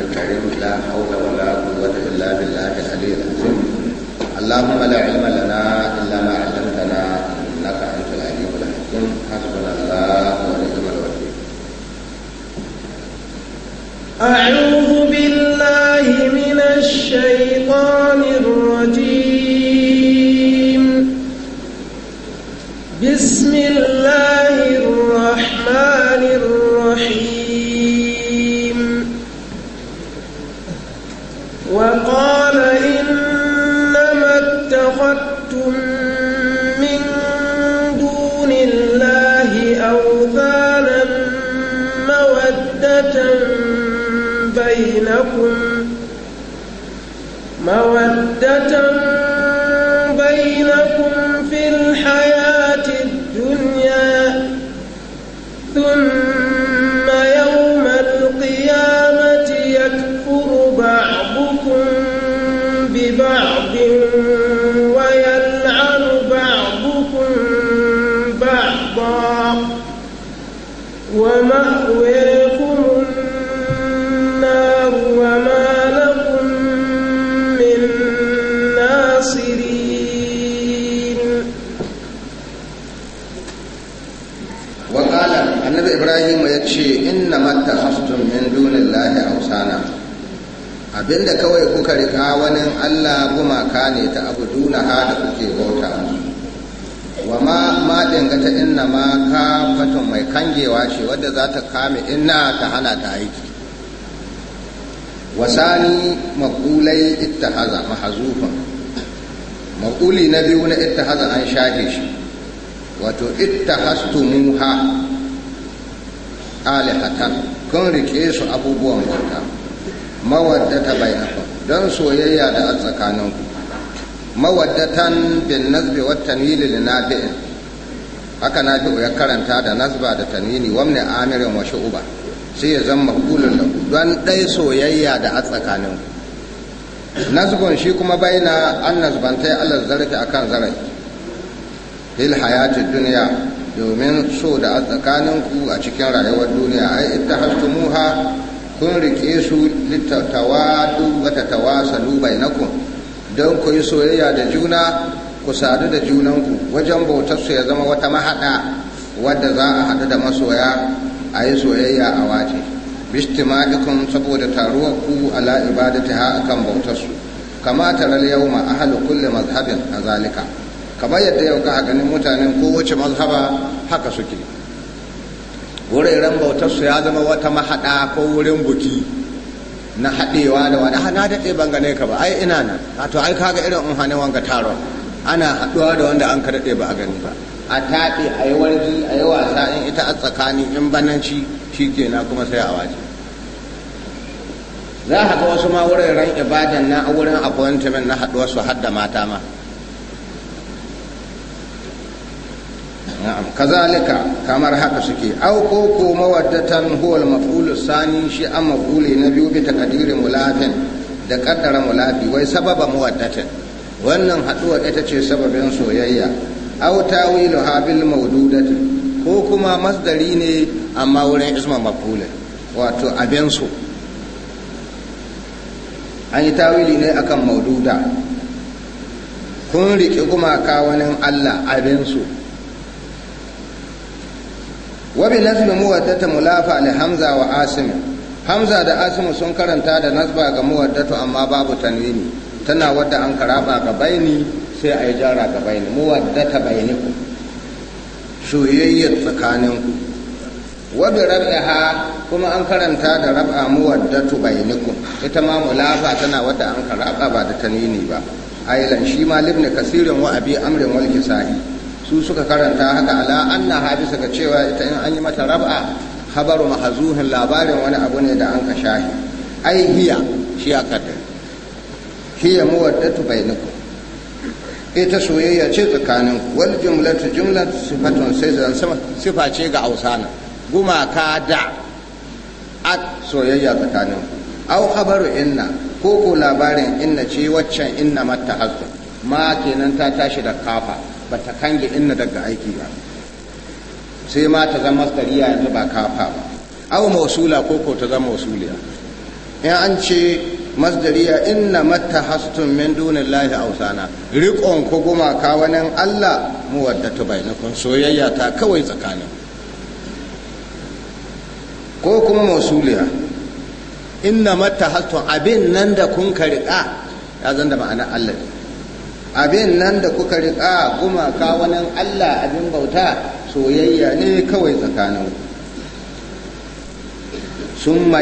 الكريم لا حول ولا قوة إلا بالله العلي العظيم اللهم لا علم لنا الحياة abinda kawai kuka rika wani allah gumaka ne ta abu duna ha da kuke bauta wa ma ma dangata inna ma kafatun mai kangewa ce wadda za ta kame inna ta hana ta aiki wasani maƙulai ittahaza mahazufan makuli na biyu na ittahaza an shafe shi wato ittahastumuha alihatan kun rike su abubuwan bauta mawaddata bainakum don soyayya da a tsakaninku mawaddatan bin nasbi wa tanwili li nabi'in haka nabi ya karanta da nasba da tanwili wa amirin wa shu'ba sai ya zama da ku. don dai soyayya da a tsakaninku nazbun shi kuma baina an nazbantai allah zarafi akan zarafi fil hayati duniya domin so da a ku a cikin rayuwar duniya ai ittahastumuha kun rike su duk wata tawasalu bainakum don ku yi soyayya da juna ku sadu da junanku wajen bautarsu ya zama wata mahaɗa wadda za a haɗu da masoya a yi soyayya a waje bishtima'ikum saboda taruwar ku ala ha akan bautar su kama taral yawma ahlu kulli mazhabin azalika kamar yadda yau ka ganin mutanen kowace mazhaba haka suke wuraren bautarsu ya zama wata mahaɗa ko wurin buki na haɗewa da wani hana daɗe ban bangane ka ba ai ina nan to ai kaga irin in hane wanga taron ana haɗuwa da wanda an ka ba a gani ba a taɓe a yi warji a yi wasa in ita a tsakani in bananci shi na kuma sai a waje za a ga wasu ma wuraren ibadan na a wurin appointment na haɗuwa su hadda mata ma na'am kazalika kamar haka suke au ko ko mawaddatan huwal maf'ul sani shi am maf'ul na biyu bi takdiri mulafin da kaddara mulafi wai sababa mawaddatan wannan haduwa ita ce sababin soyayya au tawilu habil mawdudati ko kuma masdari ne amma wurin isma maf'ul wato abin so an yi tawili ne akan maududa kun riƙe gumaka wani allah abinsu wabi nasbi muwaddata mulafa li hamza wa asim hamza da asim sun karanta da nasba ga muwaddatu amma babu tanwini tana wadda an karaba ga baini sai a yi jara ga baini muwaddata bainikum soyayyar tsakaninku wabi rab'aha kuma an karanta da rab'a muwaddatu bainikum ita ma mulafa tana wadda an karaba ba da tanwini ba ailan shi ma libni kasirin wa abi amrin wal kisahi su suka karanta haka ala anna hadisa ga cewa ita in an yi mata rab'a habaru mahzuhin labarin wani abu ne da an ka shahi ai hiya shi ya da hiya muwaddatu bainakum ita soyayya ce tsakanin wal jumlatu jumlat sifatun sai zan sama sifa ce ga ausana gumaka da at soyayya tsakanin au khabaru inna ko ko labarin inna ce waccan inna matta hazu ma kenan ta tashi da kafa ba ta kange inna daga aiki ba sai ma ta zama tsariya yanzu ba kafa ba aw mausula ko ko ta zama mausuliya in an ce masdariya inna mattahastum min dunillahi awsana riqon ko gumaka wani Allah wadda muwaddatu bainakum soyayya ta kawai tsakanin ko kuma mausuliya inna mattahastum abin nan da kun karika riƙa ya zan ma'ana Allah ne abin nan da kuka riƙa gumaka wani allah abin bauta soyayya ne kawai tsakanin sun ma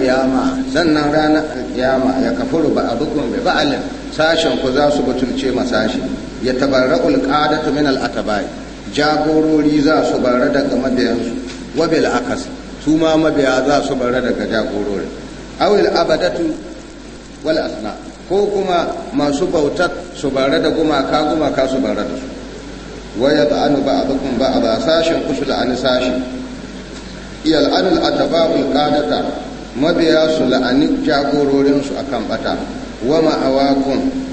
kiyama sannan ranar kiyama ya kafuru ba abukun bi ba'alin sashen ku za su butulce masashi ya tabarra'ul qadatu min al-atabai jagorori za su bara daga mabiyansu wabil akas su ma mabiya za su bara daga jagorori awil abadatu wal asna ko kuma masu bautar su bare da gumaka gumaka su bare da su waya da anu ba abukum ba a sashen kusu la'ani sashi iyal anil ataba'ul qadata mabiya su la'ani jagororin su akan bata wa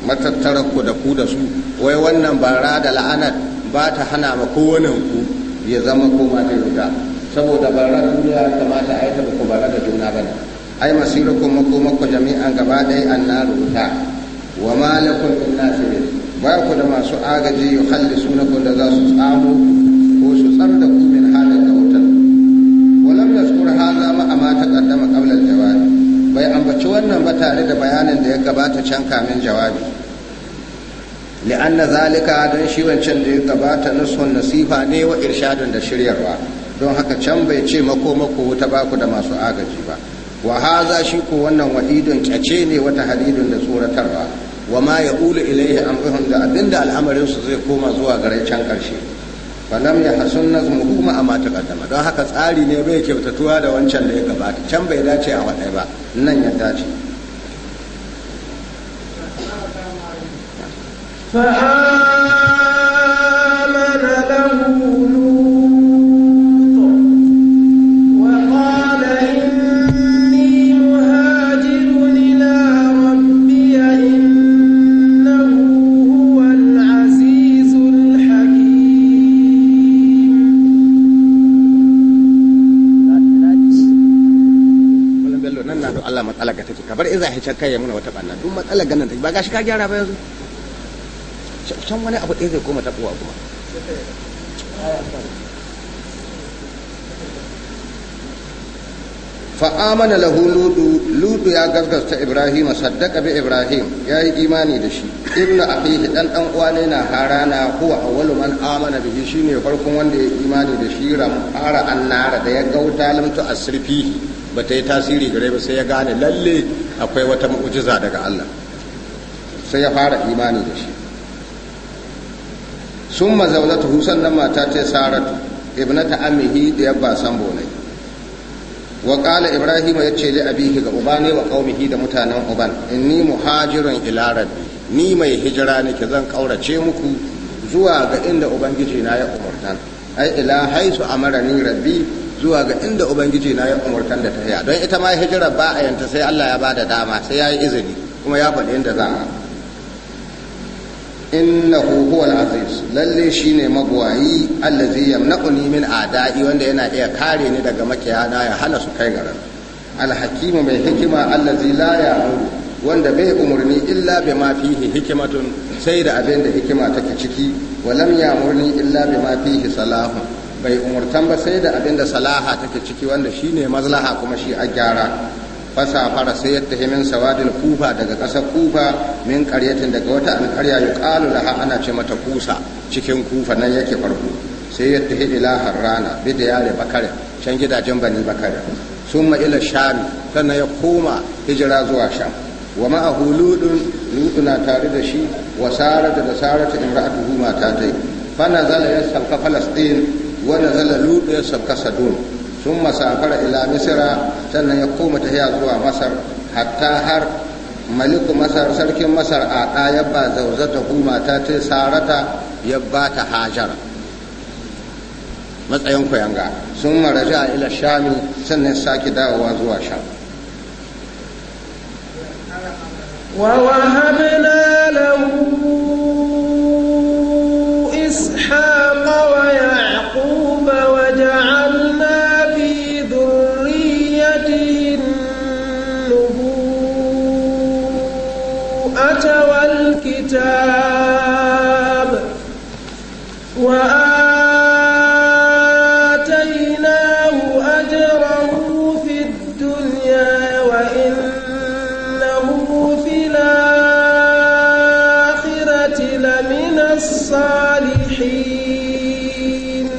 matattara ku da ku da su wai wannan bara da la'anar ba ta hana ma kowane ku ya zama koma ta yuta saboda bara duniya kamata a yi ta ba bara da juna bane ai masirukum makomakku jami'an gaba ɗaya annaru rubuta. wa ma lakum min nasirin ba ku da masu agaji yuhallisunakum da za su tsamu ko su tsar da ku min halin da wutar? walam yazkur hadha ma amma taqaddama qabla al-jawab bai ambaci wannan ba tare da bayanin da ya gabata can kamin jawabi li'anna zalika don shi wancan da ya gabata na nusun nasifa ne wa irshadun da shiryarwa don haka can bai ce makomako mako wuta ba ku da masu agaji ba wa haza shi ko wannan wa'idun kyace ne wata hadidun da tsoratarwa wa ma ya ulu ilaihi amrihum da abinda al'amarin su zai koma zuwa gare can karshe falam ya hasun nazmuhu ma amma taqaddama don haka tsari ne bai kyautatuwa da wancan da ya gabata can bai dace a wadai ba nan ya dace فآمنوا Allah ya ce kai ya muna wata ɓanna tun matsalar ganin ta ba ga shi ka gyara ba yanzu can wani abu ɗaya zai koma ta taɓuwa kuma fa'amana lahu ludu ludu ya gaskata ibrahim saddaka bi ibrahim ya yi imani da shi ibnu abihi dan dan uwane na harana huwa awwalu man amana bihi shine farkon wanda ya yi imani da shi ram ara annara da ya gauta a sirfi ba ta yi tasiri gare ba sai ya gane lalle akwai wata mu'ujiza daga Allah sai ya fara imani da shi sun mazaunatu husan nan mata ce saratu ibnata amihi da yabba san bonai wa kala ibrahim ya ce li abihi ga uba ne wa qaumihi da mutanen uban inni muhajirun ila rabbi ni mai hijira nake zan kaurace muku zuwa ga inda ubangiji na ya umarta ai ila haisu ni rabbi zuwa ga inda ubangiji na ya umurtan da ta tafiya don ita ma hijira ba a yanta sai Allah ya bada dama sai ya yi izini kuma ya faɗi inda za a inna innahu huwal aziz lalle shine magwayi allazi yamnaquni min a'da'i wanda yana iya kare ni daga makiyana ya hana su kai garan alhakimu mai hikima allazi la ya'muru wanda bai umurni illa bi ma fihi hikmatun sai da abinda da hikima take ciki walam ya'murni illa bi ma fihi salahun bai umurtan ba sai da abin da salaha take ciki wanda shi ne mazlaha kuma shi a gyara fasa fara sai ya tafi min sawadin kufa daga ƙasar kufa min karyatin daga wata alƙarya ya ƙalu da ana ce mata kusa cikin kufa nan yake farko sai ya tafi ila rana bi yare bakare can gidajen bani bakare sun ila shami sannan ya koma hijira zuwa sham wa ma'ahu ludun luduna tare da shi wa sarata da sarata imra'atuhu mata tai fa nazala yasal fa falastin wanda zala lube sab kasa dun sun masafara ila misira sannan ya koma ya zuwa masar hatta har maliku masar sarkin masar a ɗaya ba zauzata kuma ta ce sarata ya ba ta hajar matsayin kuyanga sun maraja ila shami sannan sake dawowa zuwa sham ووهبنا له إسحاق ويعقوب الكتاب وآتيناه أجره في الدنيا وإنه في الآخرة لمن الصالحين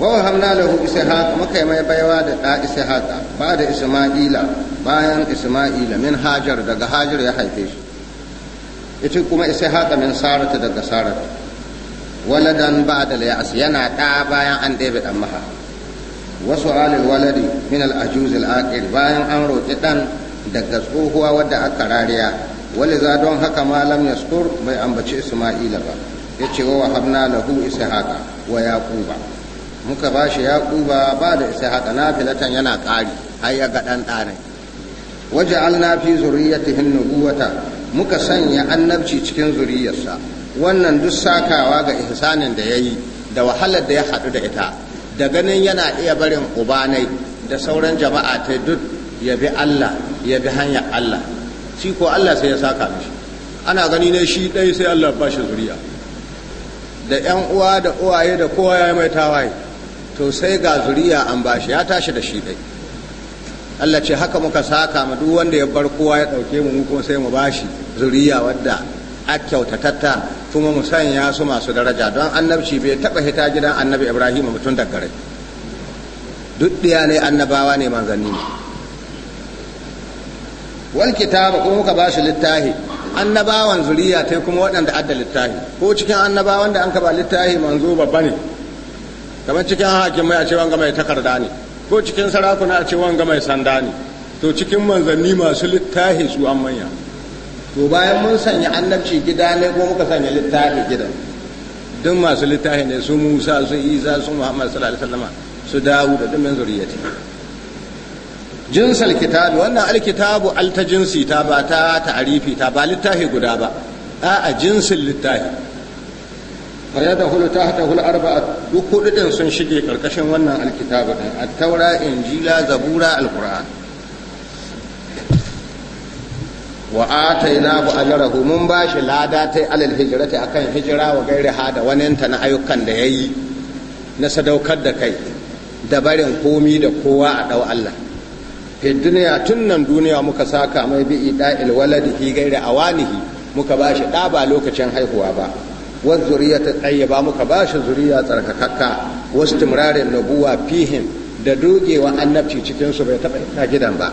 ووهبنا له إسحاق مكيما بيواد آه، إسحاق بعد إسماعيل بايان إسماعيل من هاجر دقا هاجر ya haife ita kuma isa haka min sarata daga sarata waladan ba'da al yana ɗa bayan an ɗebe ɗan maha wasu alil waladi min al-ajuz al-aqil bayan an roƙi ɗan daga tsohuwa wadda aka rariya waliza don haka malam yaskur bai ambaci isma'ila ba ya ce wa wahabna lahu ishaqa wa yaquba muka ba shi yaquba ba da ishaqa nafilatan yana ƙari har ya ga dan ɗanai waja'alna fi zurriyyatihi nubuwata muka sanya annabci cikin zuriyarsa wannan duk sakawa ga ihsanin da ya yi da wahalar da ya haɗu da ita da ganin yana iya barin ubanai da sauran jama'a ta duk ya bi Allah ya bi hanyar Allah shi ko Allah sai ya saka mishi ana gani ne shi ɗai sai Allah ba shi zuriya da 'yan uwa da uwaye da kowa ya mai tawaye to sai ga zuriya an bashi ya tashi da shi ɗai Allah ce haka muka saka mu duk wanda ya bar kowa ya dauke mu mu kuma sai mu bashi zuriya wadda a kyautatatta kuma mu sanya su masu daraja don annabci bai taba hita gidan annabi Ibrahim mutum da gare duk diya ne annabawa ne manzanni ne wal kitaba kuma muka bashi littahi annabawan zuriya ta kuma waɗanda adda littahi ko cikin annabawan da an ka ba littahi manzo babba ne kamar cikin hakimai a ce wanga mai takarda ne ko cikin sarakuna a ce wanga mai sanda ne to cikin manzanni masu littafi su an manya to bayan mun sanya annabci gida ne ko muka sanya littafi gida duk masu littafi ne su musa su isa su muhammad sallallahu alaihi wasallam su dawo da dumin zuriyati jinsal kitabi wannan alkitabu alta jinsi ta ba ta ta'arifi ta ba littafi guda ba a'a jinsin littafi fa ya dahulu tahtahu al-arba'a duk hudu sun shige karkashin wannan alkitabu din at-taura injila zabura al-qur'an wa atayna bu ajrahu mun bashi lada tai alal hijrati akan hijira wa gairi hada waninta na ayyukan da yayi na sadaukar da kai da barin komi da kowa a dau Allah fi duniya tun nan duniya muka saka mai bi ida'il waladi gaira a waniki muka bashi ɗa ba lokacin haihuwa ba ta tsaye ba muka ba bashi zuriya tsarkakakka wasu timrarin nabuwa fihim da dogewa annabci cikin su bai taba ita gidan ba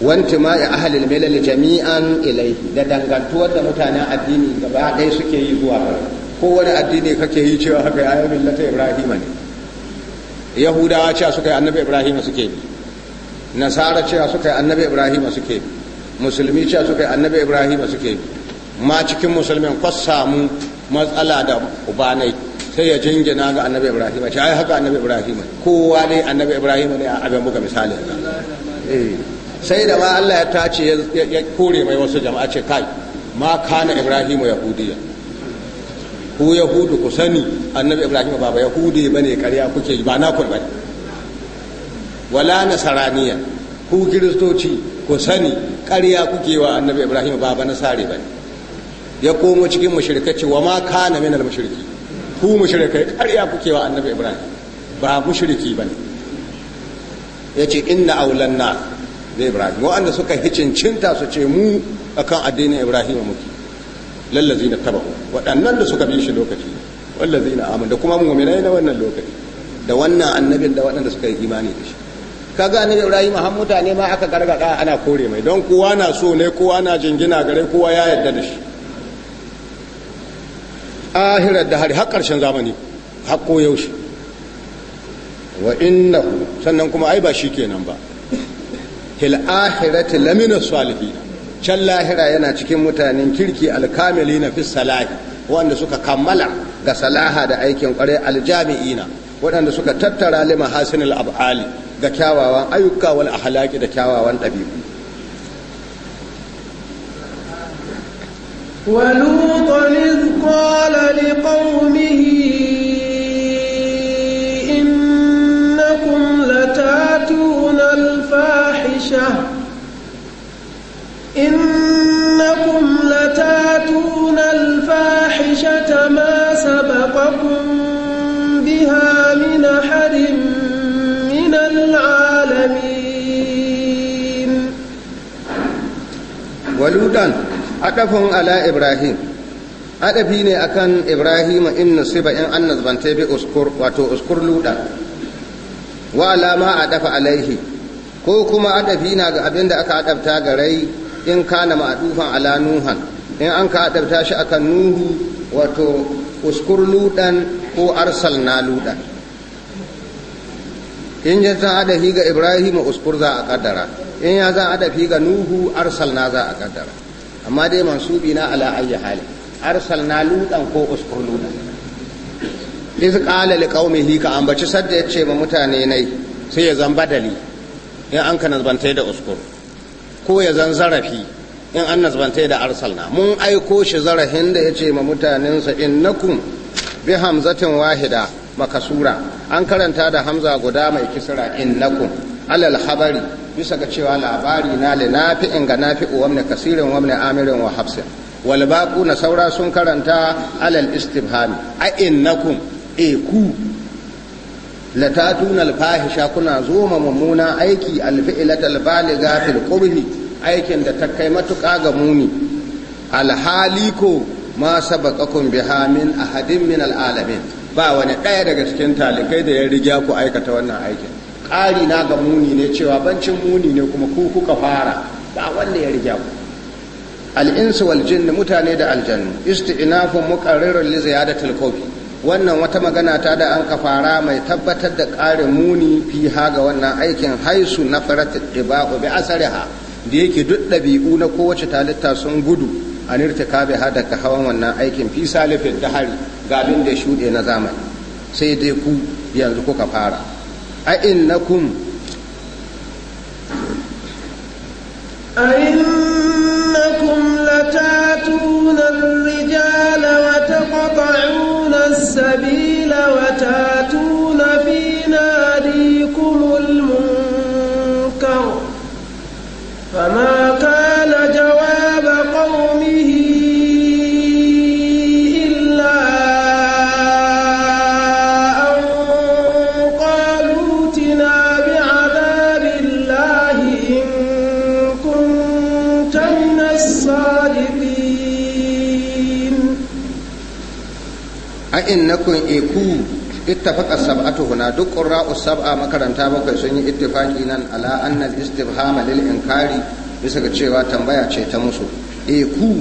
wanti ma ya ahalil milal jami'an ilaihi da dangantuwar da mutanen addini gaba ɗaya suke yi zuwa ba, ko wani addini kake yi cewa haka ya yi millata ibrahima ne yahudawa cewa suka yi annabi ibrahima suke bi nasara cewa suka yi annabi ibrahima suke bi musulmi cewa suka yi annabi ibrahima suke bi ma cikin musulmin kwas samu matsala da ubanai sai ya jingina ga annabi ibrahim sai ai haka annabi ibrahim kowa ne annabi ibrahim ne a abin buga misali eh, sai da ma Allah ya tace ya kore mai wasu jama'a ce kai ma kana ibrahim yahudiya ku yahudu ku sani annabi ibrahim ba ba yahudi bane ƙarya kuke ba na kun bane wala nasaraniya ku kiristoci ku sani ƙarya kuke wa annabi ibrahim ba ba nasare bane ya komo cikin mashirkaci wa ma kana minal mashirki ku har ya kuke wa annabi ibrahim ba ne ya yace inna aulan na da ibrahim waɗanda suka hicincinta su ce mu akan addinin ibrahim muke lallazi na taba waɗannan da suka bi shi lokaci wallazi na amin da kuma mummina na wannan lokaci da wannan annabin da waɗanda suka yi imani da shi ka ga annabi ibrahim han mutane ma aka gargaɗa ana kore mai don kowa na so ne kowa na jingina gare kowa ya yarda da shi ahirar da hari har karshen zamani har yaushe wa innahu sannan kuma ai ba shi kenan ba fil ahirati lamina salihi can lahira yana cikin mutanen kirki na fi salahi wanda suka kammala ga salaha da aikin kwarai aljami'ina waɗanda suka tattara lima hasinil ab'ali ga kyawawan ayyuka wal ahlaki da kyawawan ɗabi'u ولوطا إذ قال لقومه إنكم لتاتون الفاحشة إنكم لتاتون الفاحشة ما سبقكم بها من أحد من العالمين ولوطا adafin ala ibrahim adafi ne akan ibrahim in nasiba in an nazbanta bi uskur wato uskur luda wa alama adafa alaihi ko kuma adafi na ga abin da aka adafta ga rai in kana ma'adufan ala nuhan in an ka adafta shi akan nuhu wato uskur ludan ko arsal na ludan in ya zan adafi ga ibrahim uskur za a kaddara in ya zan adafi ga nuhu arsal na za a kaddara amma dai mansubi na ala ayyi hali arsalna ludan ko uskur lutan iz qala liqaumihi ka ambaci sadda yace ma mutane nai sai ya zan badali in an ka nazbantai da uskur ko ya zan zarafi in an nazbantai da arsalna mun aiko shi zarafin da yace ma mutanensa innakum bi hamzatin wahida makasura an karanta da hamza guda mai kisra innakum alal khabari bisa ga cewa labari na na fi ga nafi'u fi kasirin wamne amirin wa hafsin wal na saura sun karanta alal istibhami a innakum e ku latatuna fahisha kuna zoma mummuna aiki al baliga fil qubhi aikin da ta kai matuka ga muni alhali ko ma sabaqakum biha min ahadin min al-alamin. ba wani ɗaya daga cikin talikai da ya riga ku aikata wannan aikin ƙari na ga muni ne cewa bancin muni ne kuma ku kuka fara ba wanda ya riga ku al'insu wal jinni mutane da aljannu isti'nafun Liza li da qawfi wannan wata magana ta da an kafara mai tabbatar da ƙarin muni fi ha ga wannan aikin haisu na farat ibaqu bi asariha da yake duk ɗabi'u na kowace talitta sun gudu an bi ha daga hawan wannan aikin fi salifin dahari ga abin da shuɗe na zamani sai dai ku yanzu kuka fara أئنكم أئنكم لتاتون الرجال وتقطعون السبيل وتأتون ukun eku ittafaqa sab'atu huna duk qurra'u sab'a makaranta bakwai sun yi ittifaqi nan ala anna istifhama lil inkari bisa ga cewa tambaya ce ta musu eku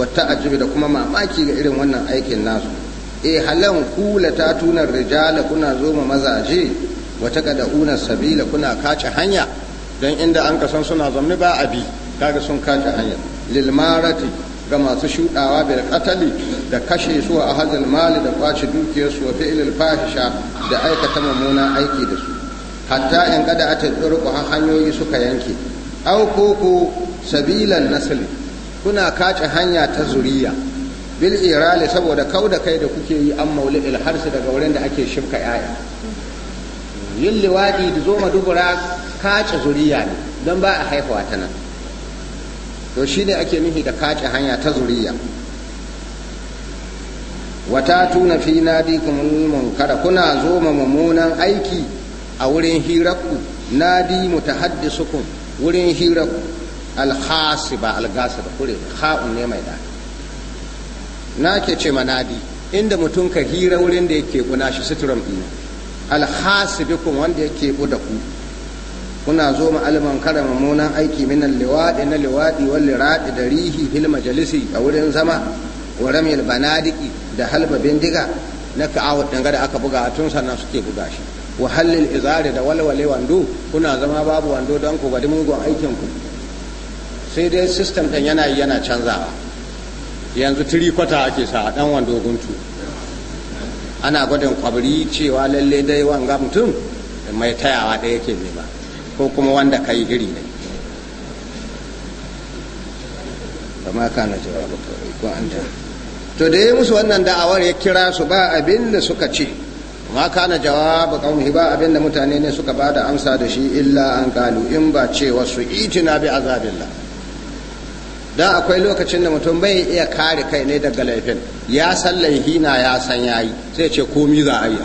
wa ta'ajjubi da kuma mamaki ga irin wannan aikin nasu e halan kula ta tunar rijala kuna zo ma mazaje wata kada una sabila kuna kace hanya don inda an kasan suna zamni ba abi kaga sun kace hanya marati ga masu shudawa bil qatali da kashe su a hazal mali da kwace dukiyarsu wa fi'il fahisha da aikata mummunan aiki da su hatta in kada a har hanyoyi suka yanke aw ko sabilan nasl kuna kace hanya ta zuriya bil irali saboda kauda kai da kuke yi an maulil harsi daga wurin da ake shimka yaya yin liwadi da zo madubura kace zuriya ne don ba a haifawa ta nan to shine ake nufi da kace hanya ta zuriya wata tuna fi mun munkara kuna zo ma mummunan aiki a wurin hiraku nadi mutahaddisukum wurin hiraku alhasi ba algasa da kure ha'un ne mai da na ke ce ma nadi inda mutum ka hira wurin da yake kuna shi suturan ɗina alhasi kun wanda yake ku da ku kuna zo ma alman kara mummunan aiki minan liwaɗi na liwaɗi wal liraɗi da rihi fil majalisi a wurin zama wa ramil banadiki da halba bindiga na ka'awar danga da aka buga tun sannan suke buga shi wa halil izari da walwale wando kuna zama babu wando don ku gwadi mugun aikin ku sai dai system ɗin yana yana canzawa yanzu tiri kwata ake sa dan wando guntu ana gwadin kwabri cewa lalle dai wanga mutum mai tayawa da yake nema ko kuma wanda ka yi iri ne kama kana jawabu ko an ta to da ya musu wannan da'awar ya kira su ba abin da suka ce ma kana jawabu qaumihi ba abin da mutane ne suka ba da amsa da shi illa an kalu in ba ce wasu itina bi azabillah Da akwai lokacin da mutum bai iya kare kai ne daga laifin ya san laifi na ya san yayi sai ce komi za a yi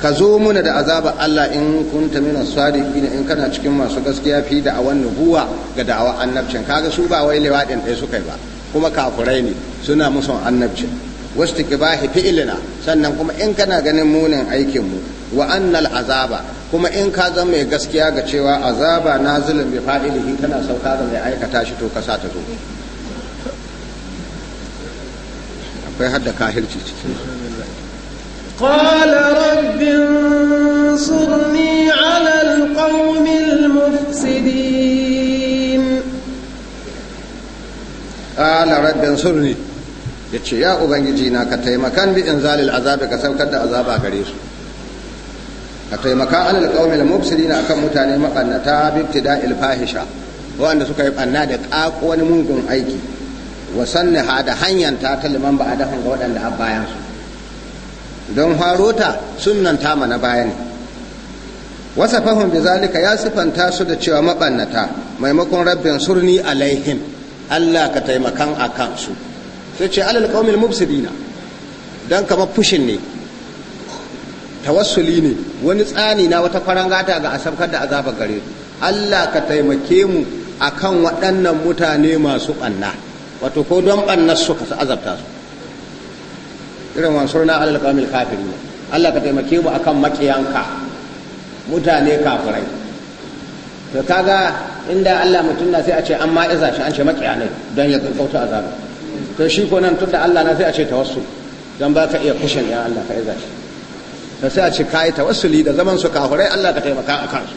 ka zo muna da azaba Allah in kunta mina as-sadiqina in kana cikin masu gaskiya fi da a wannan buwa ga da'awa annabcin kaga su ba wai lewadin ɗaya suka yi ba kuma kafurai ne suna musu annabci wasu tikibahi fi'ilina sannan kuma in kana ganin munin aikinmu wa annal azaba kuma in ka zama mai gaskiya ga cewa azaba na zulun bi fa'ilihi tana sauka da mai aikata shi to kasa sa ta zo akwai hadda kahirci ciki قال rabbin surni على القوم المفسدين rabbin rabbi ya ce ya ubangiji na ka taimaka bi zalil azabi ka saukar da azaba gare su ka taimaka alal qaumil mubsilina akan mutane maqannata bi ibtida'il fahisha wanda suka yi banna da ƙaƙo wani mugun aiki wa ha da hanyar ta ta liman ba a dafa ga waɗanda a bayan su don harota ta sunnan ta mana bayan wasa fahim bi zalika ya sifanta su da cewa maɓannata maimakon rabbin surni alaihim Allah ka taimakan a kansu sai ce alal qaumil mubsidina dan kama fushin ne tawassuli ne wani tsani na wata farangata ga asabkar da azaba gare Allah ka taimake mu akan waɗannan mutane masu ɓanna wato ko don ɓannar ka azabta su irin na alal qaumil kafirin Allah ka taimake mu akan makiyanka mutane kafirai to kaga inda Allah mutum na sai a ce an ma iza an ce makiya don ya kauta azabu to shi ko nan tun da Allah na sai a ce tawassul don ba ka iya kushin ya Allah ka iza shi to sai a ce ka kai tawassuli da zaman su kafurai Allah ka taimaka a kansu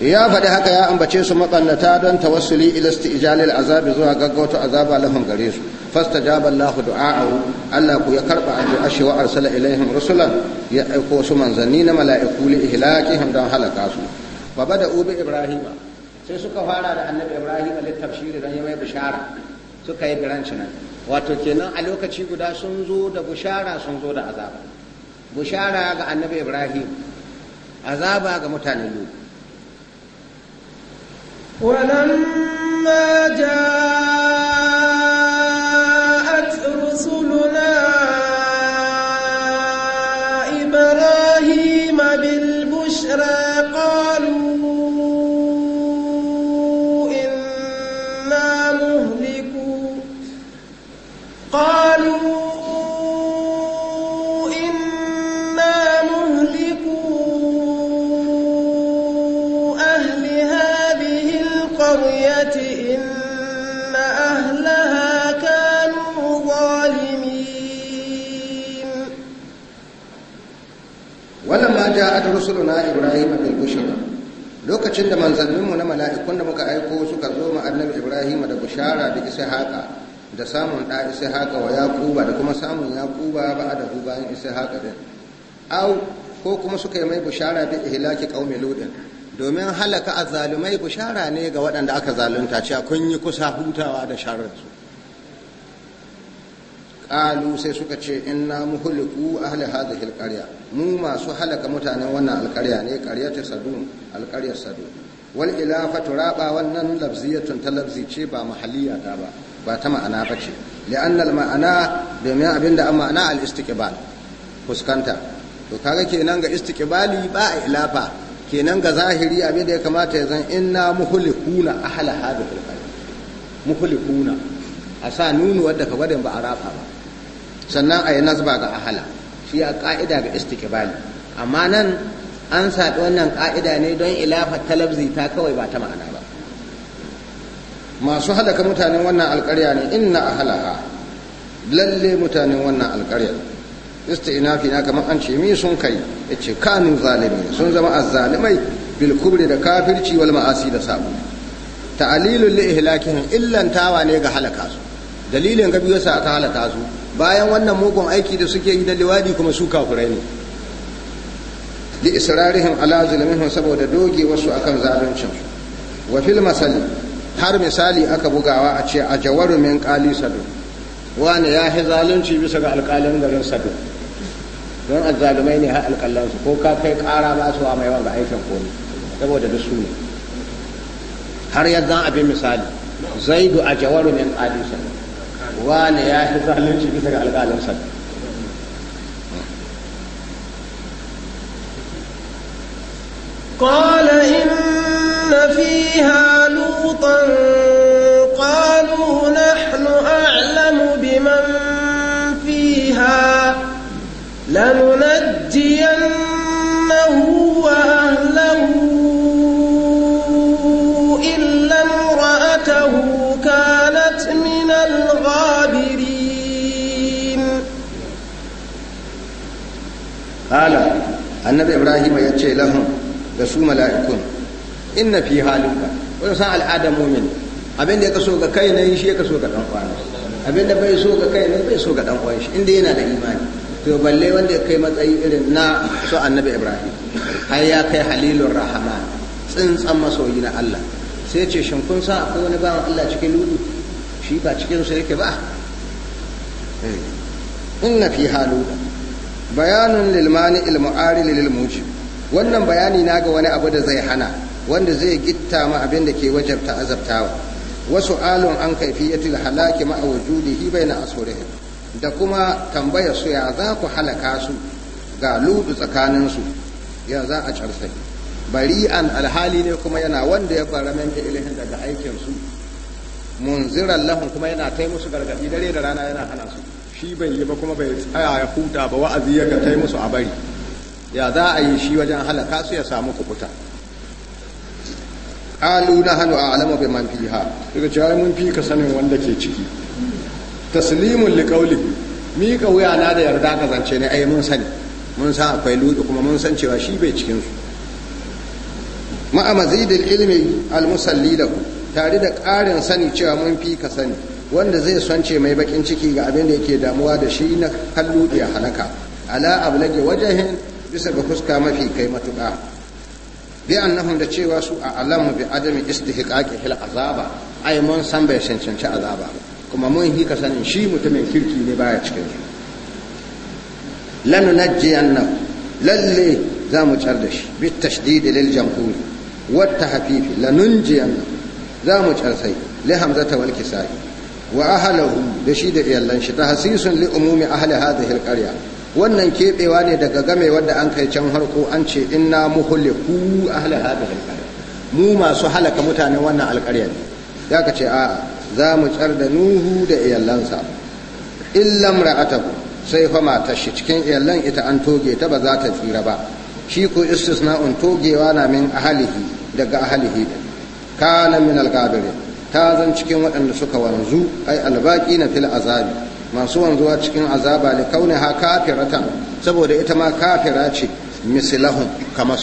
ya faɗi haka ya ambace su matsannata don tawassuli ila istijalil azabi zuwa gaggauta azaba lahum gare su فاستجاب الله دعاءه الله كو يكرب عن دعاء وأرسل إليهم رسلا يأكو سمن زنين ملائكو su. Baba da فبدأوا بإبراهيم sai suka fara da annabi ibrahim a tafsiri don yi mai bishara suka yi biranci nan wato kenan a lokaci guda sun zo da bushara sun zo da azaba bushara ga annabi ibrahim azaba ga mutane lu ishaqa wa yaquba da kuma samun yaquba ba'da hu bayan ishaqa din au ko kuma suka yi mai bushara bi ihlaki qaumi ludin domin halaka azzalumai bushara ne ga waɗanda aka zalunta cewa kun yi kusa hutawa da sharar su qalu sai suka ce inna muhliku ahli hadhihi alqarya mu masu halaka mutanen wannan alqarya ne qaryatu sadun alqaryar sadum wal ilafatu raba wannan labziyatun ta labzi ce ba mahalliya ta ba ba ta ma'ana ba ce li'anna ma'ana domin abinda an ma'ana a istiqbal to kaga kenan ga istiqbali ba a ilafa kenan ga zahiri abin da ya kamata ya zan inna muhlikuna ahla hadha al muhlikuna a sa nunu wadda ka gwadin ba a rafa ba sannan a yi nasba ga ahala shi a ka'ida ga istiqbali amma nan an saɗi wannan ka'ida ne don ilafa talabzi ta kawai ba ta ma'ana masu halaka mutanen wannan alƙarya ne inna halaka lalle mutanen wannan mista inafi na kamar an ce mi sun kai ce kanu zalimi sun zama azzalimai bil kubri da kafirci wal ma'asi da sabu ta'lilul li ihlakihim illan tawa ne ga halaka su dalilin ga biyo sa halaka su bayan wannan mugun aiki da suke yi da liwadi kuma su kafirai ne li israrihim ala zulmihim saboda doge wasu akan zaluncin wa fil masali har misali aka bugawa a ce a jawar min kali sado wani ya fi zalunci bisa ga alkalin garin sado don azzalumai ne har alkalansu ko ka kai kara ba su wa mai wanga aikin komi saboda da su ne har yadda abin misali zaidu a jawar min kali sado wani ya fi zalunci bisa ga alkalin sado قال إن يخلفون فيها لوطا قالوا نحن أعلم بمن فيها لننجينه وأهله إلا امرأته كانت من الغابرين قال النبي إبراهيم يتشي لهم da su mala'ikun inna fi halinka wani san al'adar mumin abin da ya kaso ga kai na yi shi ya kaso ga dan kwana abin da bai so ga kai na bai so ga dan kwana shi inda yana da imani to balle wanda ya kai matsayi irin na su annabi ibrahim har ya kai halilur rahman tsintsan masoyi na allah sai ce shin kun san akwai wani bawan allah cikin ludu shi ba cikin su yake ba eh. inna fi haluda bayanun lilmani ilmu'ari lil mujib wannan bayani na ga wani abu da zai hana wanda zai gitta ma abin da ke wajabta azabtawa wasu alun an kaifiyatul halaki ma wujudihi baina asuri. da kuma tambaya su ya za ku halaka su ga ludu tsakanin su ya za a carsai bari an alhali ne kuma yana wanda ya fara min ilihin daga aikin su munziran lahun kuma yana kai musu gargadi dare da rana yana hana su shi bai yi ba kuma bai tsaya ya huta ba wa'azi ya ga kai musu a bari ya za a yi shi wajen halaka su ya samu kubuta Alu na a nahnu a'lamu biman fiha daga cewa mun fi ka sanin wanda ke ciki taslimun likauli mi wuya na da yarda ka zance ne ai mun sani mun san akwai ludu kuma mun san cewa shi bai cikin su ma'a mazidil ilmi al-musalli ku, tare da ƙarin sani cewa mun fi ka sani wanda zai sance mai bakin ciki ga abin da yake damuwa da shi na kallu halaka ala ablage wajahin bisa ga fuska mafi kai matuƙa bi annahum da cewa su a alamu bi adami istihqaqi fil azaba ai mun san bai cancanci azaba kuma mun yi ka sanin shi mutumin kirki ne baya cikin su lanunajjiyanna lalle za mu car da shi bi tashdid lil jamhur wa tahfifi lanunjiyanna za mu car sai li hamzata wal kisai wa ahlahu da shi da iyalan shi tahsisun li umumi ahli hadhihi al qarya wannan keɓewa ne daga game wanda an kai can harko an ce inna muhulliku ahli hadhihi alqarya mu masu halaka mutane wannan alƙarya ne ya ka ce a'a za mu tsar da nuhu da iyalansa illam ra'atahu sai fa matar shi cikin iyalan ita an toge ta ba za ta tsira ba shi ko istisna'un togewa na min ahalihi daga ahalihi din kana min alqabirin ta zan cikin waɗanda suka wanzu ai albaki na fil azabi masu wanzuwa cikin azaba li ha kafiratan saboda ita ma kafira ce mislahum kamar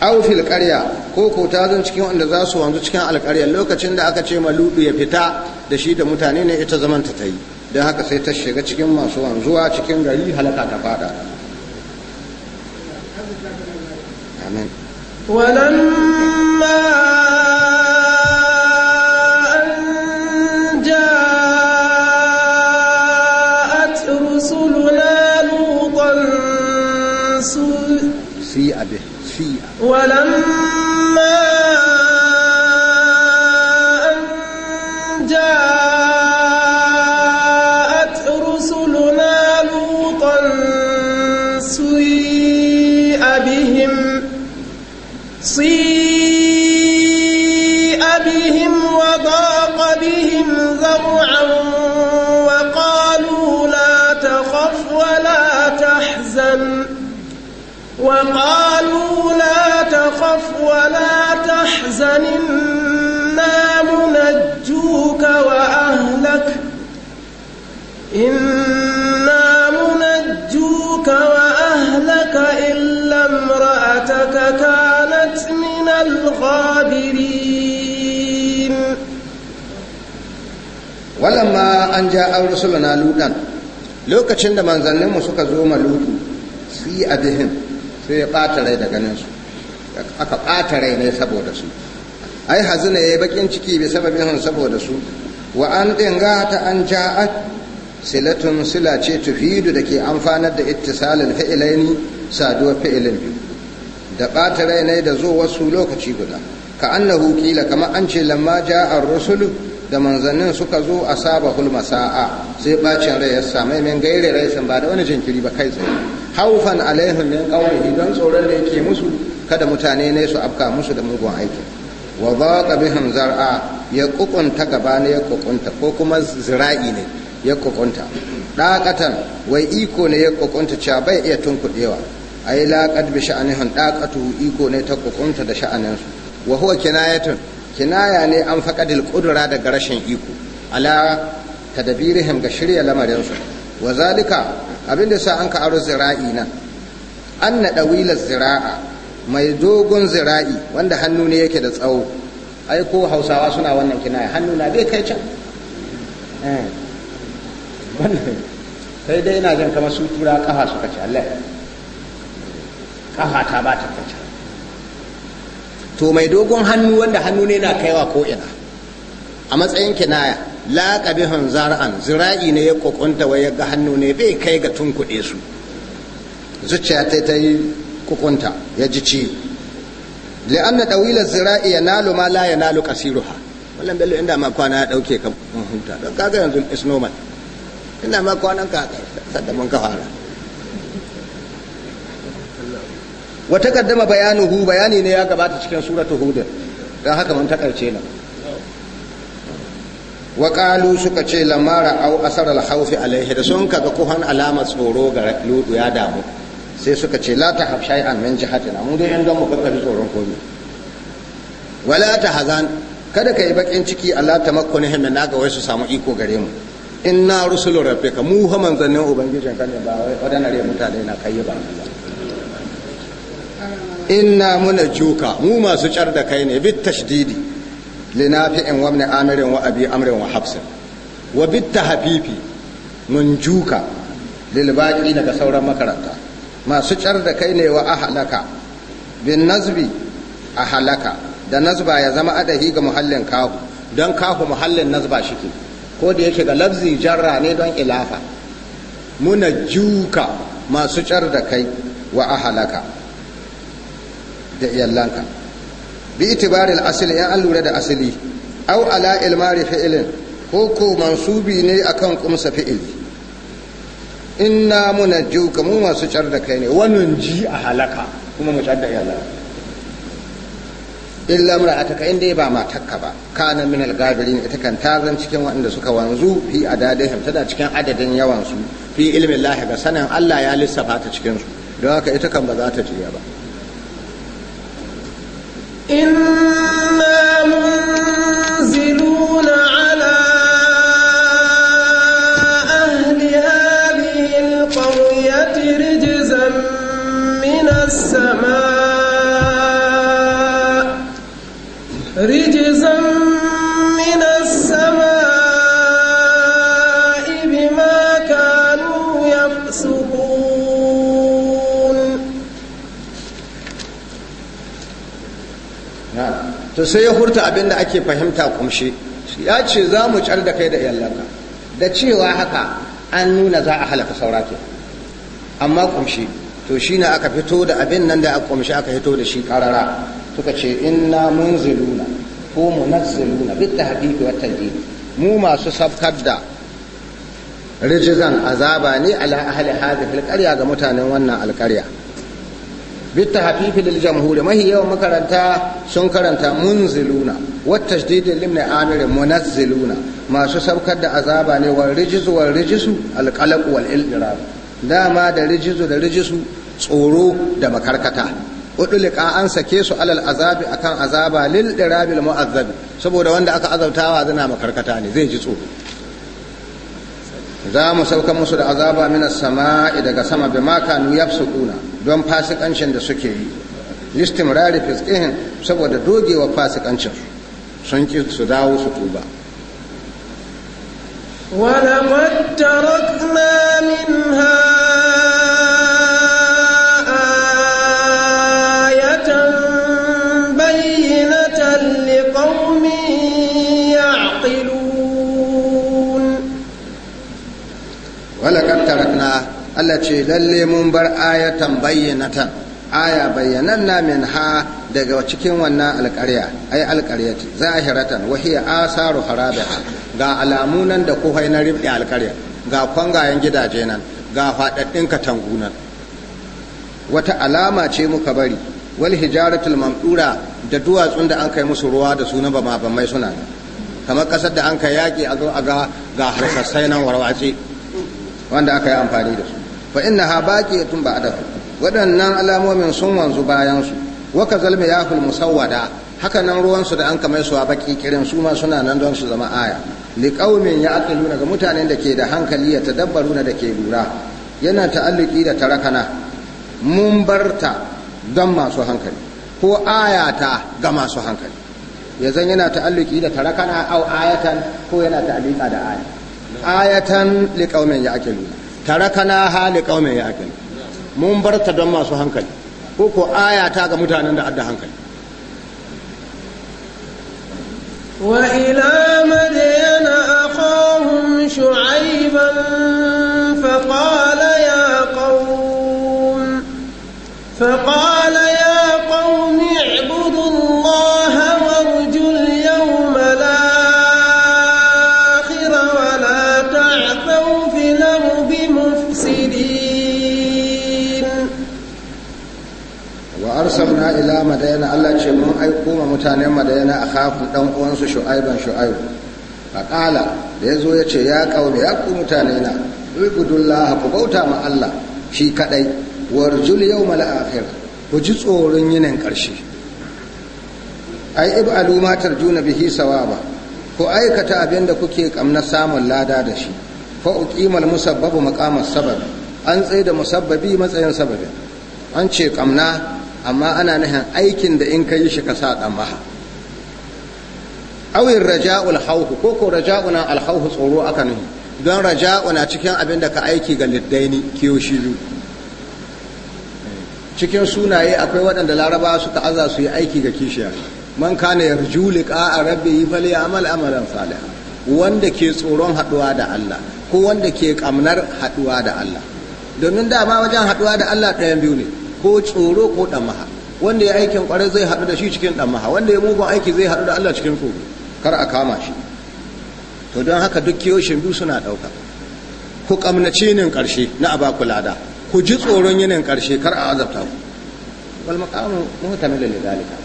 au fil qarya ko ko ta zan cikin wanda za su wanzu cikin alƙarya lokacin da aka ce maluɗi ya fita da shi da mutane ne ita zaman ta yi don haka sai ta shiga cikin masu wanzuwa cikin gari halaka ta fada amin walamma الرسول في أبه في أبه ولما أن جاء وقالوا لا تخف ولا تحزن إنا منجوك وأهلك إنا منجوك وأهلك إلا امرأتك كانت من الغابرين ولما أن جاء رسلنا لوطا lokacin da manzanninmu suka zo ma lutu su yi adihin sai ya ɓata rai da ganin su aka ɓata rai ne saboda su ai hazina ya yi bakin ciki bai sababin hun saboda su wa an ɗinga ta an ja'at silatun sila ce tufidu da ke amfanar da ittisalin fi'ilaini saduwar fi'ilin biyu da ɓata rai ne da zo wasu lokaci guda ka annahu kila kamar an ce lamma ja'ar rusulu da manzannin suka zo a saba hulma sa'a sai ɓacin rai ya samai min gaire rai sun ba da wani jinkiri ba kai tsaye haufan alaihim min qawlihi idan tsoron da yake musu kada mutane ne su afka musu da mugun aikin wa dhaqa bihim zar'a ya kukunta gaba ne ya kukunta ko kuma zira'i ne ya kukunta daqatan wai iko ne ya kukunta cewa bai iya tunkudewa ai laqad bi sha'anihim daqatu iko ne ta kukunta da sha'aninsu wa huwa kinayatun kinaya ne an faqadil qudra daga rashin iko ala tadabirihim ga shirya lamarinsu wa zalika abin da sa an ka aro zira'i nan an na ɗawilar zira'a mai dogon zira'i wanda hannu ne yake da tsawo ai ko hausawa suna wannan kinaya hannu na bai kai can eh. sai dai ina jan kamar su tura kafa suka ci Allah kafa ta ba ta kace to mai dogon hannu wanda hannu ne na kaiwa ko ina a matsayin kinaya laƙabihan zara'an zira'i ne ya kokonta ya ga hannu ne bai kai ga tun kuɗe su zuciya ta ta yi kokonta ya ji ci na ɗawilar zira'i ya nalu ma la ya nalu ha wannan bello inda ma kwana ya ɗauke ka hunta don kaga yanzu is inda ma kwanan ka sadda mun ka fara wa taqaddama bayanuhu bayani ne ya gabata cikin suratul hud don haka mun takarce nan wa ƙalu suka ce lamara au asar haufi a alaihi da sun kaga kuhan alamar tsoro ga ludu ya damu sai suka ce la ta hafshai an min jihatina mu dai yan gamu kakari tsoron komai wala ta hazan kada ka yi bakin ciki Allah ta makkuni hemi na ga wai su samu iko gare mu inna rusulu ka mu ha manzannin ubangijin ka ne ba wai wadannan mutane na kai ba inna muna juka mu masu car da kai ne bit tashdidi linafi'in wa ibn amirin wa abi amrin wa hafs wa bit tahfifi mun juka lil baqi daga sauran makaranta masu car da kai ne wa ahlaka bin nazbi ahlaka da nazba ya zama adahi ga muhallin kahu don kahu muhallin nazba shike ko da yake ga lafzi jarra ne don ilafa muna juka masu car da kai wa ahlaka da iyalanka bi itibaril asili in an lura da asili au ala ilmari fi'ilin ko ko mansubi ne akan kumsa fi'ili inna munajjuka mu masu car da kai ne wannan ji a halaka kuma mu car da iyalan illa mar'ataka inda ba matakka ba kana min al-gabirin ita kan ta cikin waɗanda suka wanzu fi adadihim tana cikin adadin yawan su fi ilmin lahi ga sanin Allah ya lissafa ta cikin su don haka ita kan ba ta jiya ba إنا منزلون على to sai ya hurta abin da ake fahimta kumshi ya ce za mu car da kai da iyalanka da cewa haka an nuna za a halaka saura ke amma kumshi to shi na aka fito da abin nan da aka kumshi aka fito da shi karara suka ce inna ziluna ko munazziluna bit tahqiqi wata tadbir mu masu sabkar da rijizan azaba ne ala ahli hadhihi alqarya ga mutanen wannan alqarya bitta hafifi lil jamhur mahi yawan makaranta sun karanta munziluna wa tashdid limn amir munazziluna masu saukar da azaba ne wa rijizu wal rijisu al wal ildirab dama da rijizu da rijisu tsoro da makarkata udulika an sake su alal azabi akan azaba lil dirabil mu'azzab saboda wanda aka azabtawa na makarkata ne zai ji tsoro za mu sauka musu da azaba minas sama'i daga sama bima kanu yafsukuna don fasikancin da suke yi rari fisqihin saboda dogewa fasikancin sun ki su dawo su tuba ولقد تركنا منها آية بينة لقوم يعقلون ولقد تركنا Allah ce lalle mun bar ayatan bayyanatan aya bayyananna min ha daga cikin wannan alƙarya ai alƙaryati zahiratan wa hiya asaru harabiha ga alamu nan da kohai na ribi alƙarya ga kwangayen gidaje nan ga faɗaɗɗin katangu nan wata alama ce muka bari wal hijaratul mamdura da duwatsun da an kai musu ruwa da suna ba ma mai suna kamar kasar da an kai yaƙi a ga ga harsassai nan warwatse wanda aka yi amfani da su fa tun ba adab waɗannan alamomin sun wanzu bayan su wa kazal yaful musawwada haka nan ruwan su da an kamar su a baki kirin su ma suna nan don su zama aya liqaumin ya'qiluna ga mutanen da ke da hankali ya tadabbaruna da ke lura yana ta'alluki da tarakana mun barta don masu hankali ko ayata ga masu hankali ya zan yana ta'alluki da tarakana au ayatan ko yana ta'alluka da aya ayatan liqaumin ya'qiluna tarakana hali qaumin yaqil mun bar ta don masu hankali ko aya ta ga mutanen da adda hankali wa ila madyana akhahum shu'ayban fa qala ya qaum fa qala sabna ila madayana Allah ce mun aiko ma mutanen madayana a kafin dan uwansu shu'aiban shu'aib faqala da yazo ya ce ya qaumi ya ku mutane na ibudullah ku bauta ma Allah shi kadai warjul yawmal akhir ku ji tsoron yinin karshe ai ib'alu ma tarjuna bihi sawaba ku aikata abin da kuke kamna samun lada da shi fa uqimal musabbabu maqamas sabab an tsaye da musabbabi matsayin sababin an ce kamna amma ana nahin aikin da in ka yi shi ka sa dan maha awin raja'ul hauhu ko ko raja'una alhauhu tsoro aka nuhi don raja'una cikin abin da ka aiki ga liddaini shi biyu cikin sunaye akwai waɗanda laraba suka aza su yi aiki ga kishiya man kana yarju liqa rabbi falyamal amalan salihan wanda ke tsoron haɗuwa da Allah ko wanda ke kamnar haɗuwa da Allah domin dama wajen haɗuwa da Allah ɗayan biyu ne ko tsoro ko maha wanda ya aikin kwarai zai haɗu da shi cikin maha wanda ya mugun aiki zai haɗu da Allah cikin kogo kar a kama shi to don haka duk kiyoshin biyu suna ɗauka ku ƙamnace nin ƙarshe na baku lada ku ji tsoron yinin ƙarshe kar a azabta ku wal maqamu muhtamilun lidhalika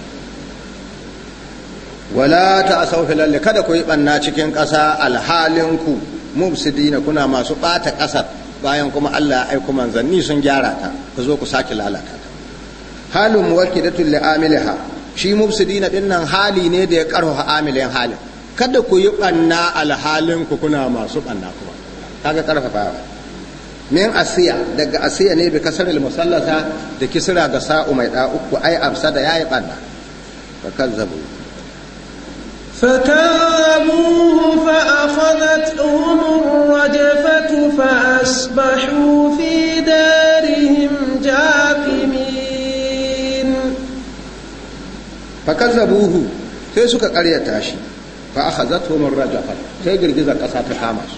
wala ta'asaw fil kada ku yi banna cikin ƙasa alhalin ku mufsidina kuna masu ɓata ƙasar bayan kuma Allah ya aiko manzanni sun gyara ta ka zo ku saki lalata ta muwakkidatu muwakkidatul amilha shi din nan hali ne da ya karfa amilin halin kada ku yi banna alhalin ku kuna masu banna kuma kaga karfafawa min asiya daga asiya ne bi kasar musallata da kisra ga sa'u mai da uku ai amsa da yayi banna fa kazzabu fakazzabuhu sai suka karyata shi fa akhadhatuhum ar-rajfa sai girgiza kasa ta kama su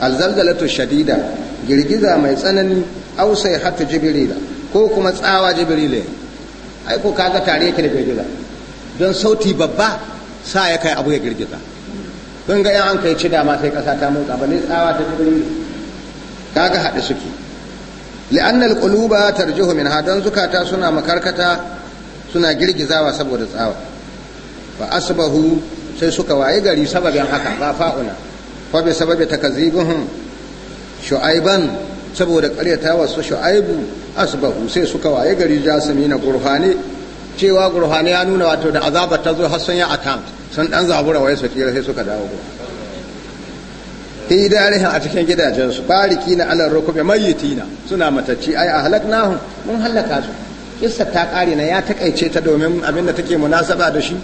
alzalzalatu shadida girgiza mai tsanani aw sai hatta jibrila ko kuma tsawa jibrila ai ko kaga tare yake da girgiza don sauti babba sa ya kai abu ya girgiza kun ga yan an kai ci dama sai kasa ta motsa ba ne tsawa ta jibrila kaga haɗe suke li'anna al-quluba tarjihu minha dan zukata suna makarkata suna girgizawa saboda tsawa fa asbahu sai suka waye gari sababin haka ba fa'una fa bi sababi takazibuhum shu'aiban saboda wa su shu'aibu asbahu sai suka waye gari jasimi na gurfani cewa gurfani ya nuna wato da azabar ta zo har sun yi account sun dan zabura waye su tsira sai suka dawo fi darihin a cikin gidajensu bariki na alar rukubi mayyitina suna matacci ai a halaknahum mun halaka su kissa ta kare na ya takaice ta domin abin da take munasaba da shi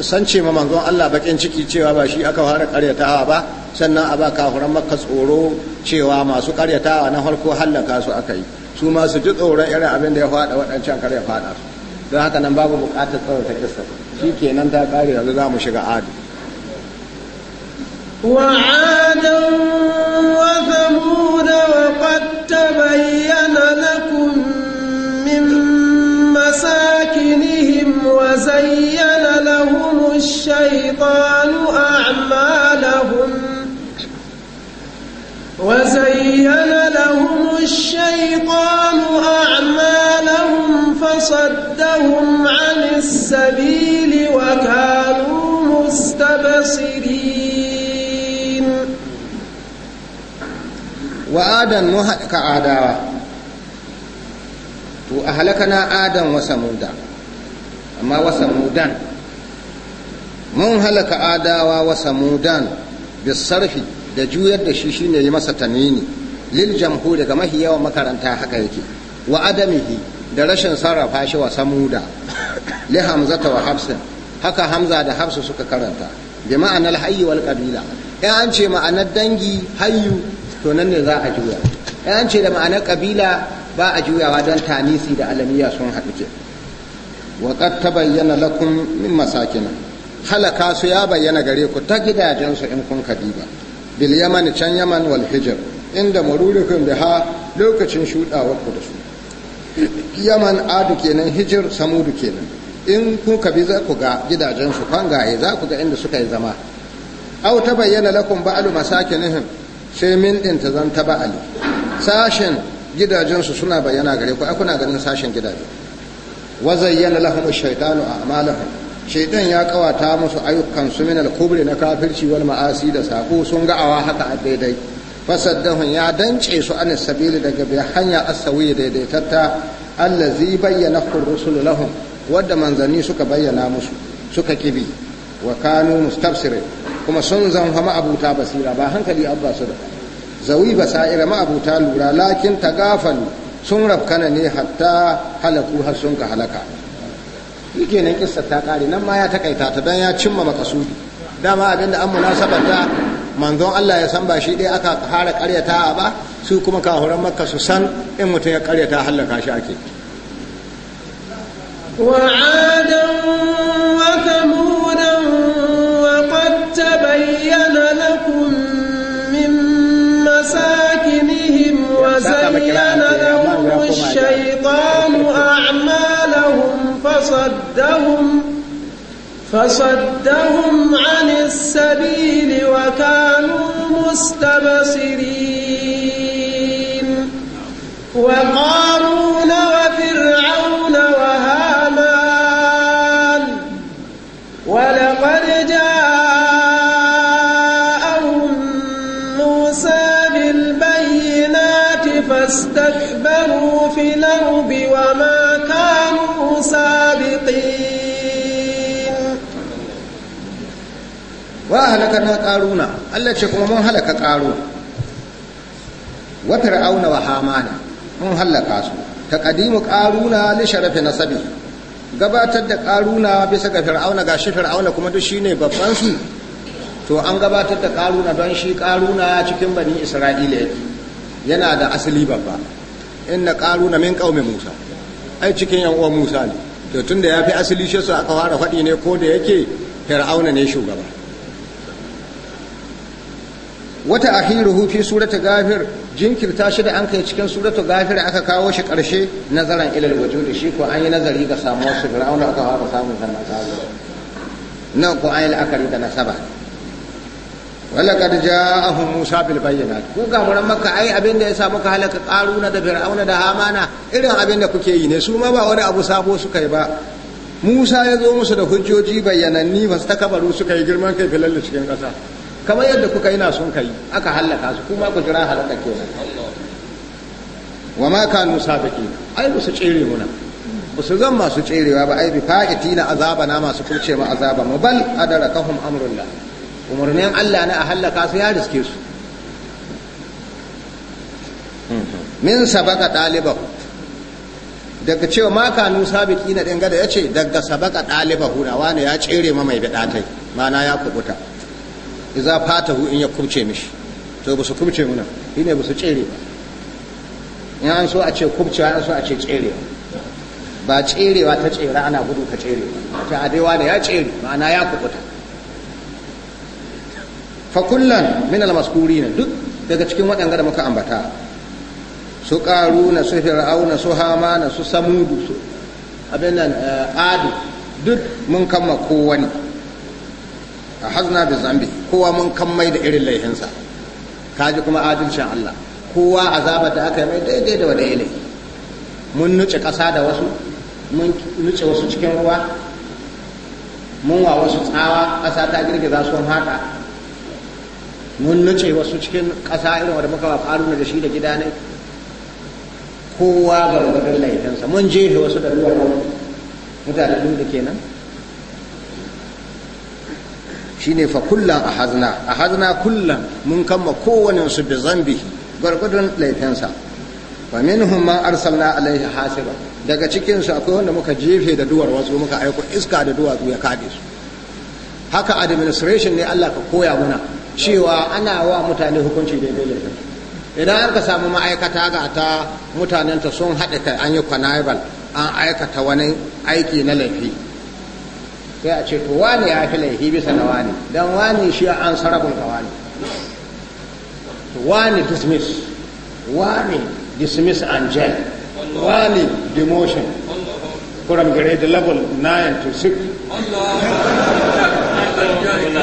san ce ma manzon Allah bakin ciki cewa ba shi aka fara karyatawa ba sannan a ba kafuran makka tsoro cewa masu karyatawa na farko hallaka su aka yi su ma su ji tsoron irin abin da ya faɗa waɗancan kar ya faɗa su don haka nan babu buƙatar ta kissa shi ke nan ta ƙare yanzu za mu shiga adu وعادا وثمود وقد تبين لكم من مساكنهم وزين لهم الشيطان أعمالهم وزين لهم الشيطان أعمالهم فصدهم عن السبيل وكانوا مستبصرين وعادا وهدك عداوه su a halakana adam wa samuda amma wa samudan mun halaka adawa wa samudan sarfi da juyar da shi shine yi masa tanini lil jamhuri daga mahi yawan makaranta haka yake wa adamihi da rashin sarrafa shi wa samuda li hamzata wa hafsin haka hamza da hafsu suka karanta bi ma'anar hayyu wal qabila in an ce ma'anar dangi hayyu to nan ne za a juya in an ce da ma'anar kabila ba a juyawa don tanisi da alamiya sun haɗu ke Waƙar ta bayyana lakun min masakina halaka su ya bayyana gare ku ta gidajensu in kun kadiba bil yaman can yaman wal hijr inda marurukun ha lokacin shuɗawar ku da su yaman adu kenan hijir samudu kenan in kun kabi za ku ga gidajensu kwangaye za ku ga inda suka yi zama au ta bayyana lakun ba'alu masakinihim sai min din ta zanta ba'ali sashen gidajensu suna bayyana gare ku akuna ganin sashen gidaje wa zayyana lahum ash-shaytanu a'malahum shaytan ya kawata musu ayyukan su min al-kubri na kafirci wal ma'asi da sako sun ga awa haka a daidai fasaddahum ya dance su an sabili daga bi hanya as-sawi tatta allazi bayyana ar lahum wadda manzanni suka bayyana musu suka kibi wa kanu mustabsirin kuma sun zanfa abuta basira ba hankali abba su da zawi basaira ma'abuta lura lakin ta gafal sun rafkana ne hatta halaku har sun ka halaka yake kenan kissa ta kare nan ma ya takaita ta don ya cimma makasudi dama abinda an munasabar ta manzon Allah ya san ba shi dai aka fara karyata ba su kuma kahuran makka su san in mutum ya karyata halaka shi ake وعادا وثمودا وقد تبين لكم فزين لهم الشيطان أعمالهم فصدهم فصدهم عن السبيل وكانوا مستبصرين وقالوا wa na ƙaruna. Allah ce kuma mun halaka qaru wa fir'auna wa hamana mun halaka su Ta taqdimu qaruna li sharafi nasabi gabatar da ƙaruna bisa ga fir'auna shi fir'auna kuma duk shine babban su to an gabatar da karuna don shi karuna cikin bani isra'ila yake yana da asali babba inna karuna min kaume musa ai cikin yan uwan musa ne to tunda ya fi asali shi su aka fara faɗi ne ko da yake fir'auna ne shugaba wata akhiruhu fi surata gafir jinkirta shi da an kai cikin surata gafir aka kawo shi karshe nazaran ilal wujud shi ko an yi nazari ga samuwar su fir'auna aka fara samun zanna na ko an yi la'akari da nasaba wala kad ja'ahum musa bil bayyinat ko ga mun maka ai abin da ya sa muka halaka qaruna da fir'auna da hamana irin abin da kuke yi ne su ma ba wani abu sabo suka yi ba musa ya zo musu da hujjoji bayyananni ba su takabaru suka yi girman kai filalle cikin ƙasa kamar yadda kuka yi na sun kai aka hallaka su kuma ku jira halaka nan wa ma kanu sabiki ai ba su tsere muna ba su zan masu tserewa ba ai bi fa'iti na azaba na masu kurce ma azaba mu bal adara kahum amrulla umurnin Allah ne a hallaka su ya riske su min sabaka ɗaliban daga cewa ma kanu sabiki na dinga da yace daga sabaka ɗaliban hunawa ne ya tsere ma mai bidatai mana ya kubuta idza fatahu in ya kubce mishi to ba su kubce muna ne ba su tsere ba in an so a ce kubcewa an so a ce tsere ba tserewa ta tsere ana gudu ka tsere ba ta adewa ne ya tsere ma'ana ya kubuta fa kullan min al maskurina duk daga cikin waɗanda da muka ambata su ƙaru na su na su hama na su samudu su abin nan eh, adu duk mun kama kowani a hazna bi zambi kowa mun kan mai da irin laifinsa kaji kuma adalcin Allah kowa azaba da aka yi mai daidai da wani ne mun nuce ƙasa da wasu mun nuce wasu cikin ruwa mun wa wasu tsawa ƙasa ta girgiza su haka mun nuce wasu cikin ƙasa irin wanda muka faru da shi da gida ne kowa rubutun laifinsa mun jefe wasu da ruwa mutane da kenan shine fa a hazna A hazna kullan mun kama kowane su bi zambi gwargwadon laifinsa wa minhum man arsalna alaihi hasiba daga cikin su akwai wanda muka jefe da duwar wasu muka aiko iska da duwatsu ya kade su haka administration ne Allah ka koya muna cewa ana wa mutane hukunci daidai da idan an ka samu ma'aikata ga ta mutanen ta sun haɗa kai an yi kwanabal an aikata wani aiki na laifi sai a ce to wani ya fi laifi bisa na wani don wani shi an sarabul ka wani wani dismiss wani dismiss angel wani demotion from grade level 9 to 6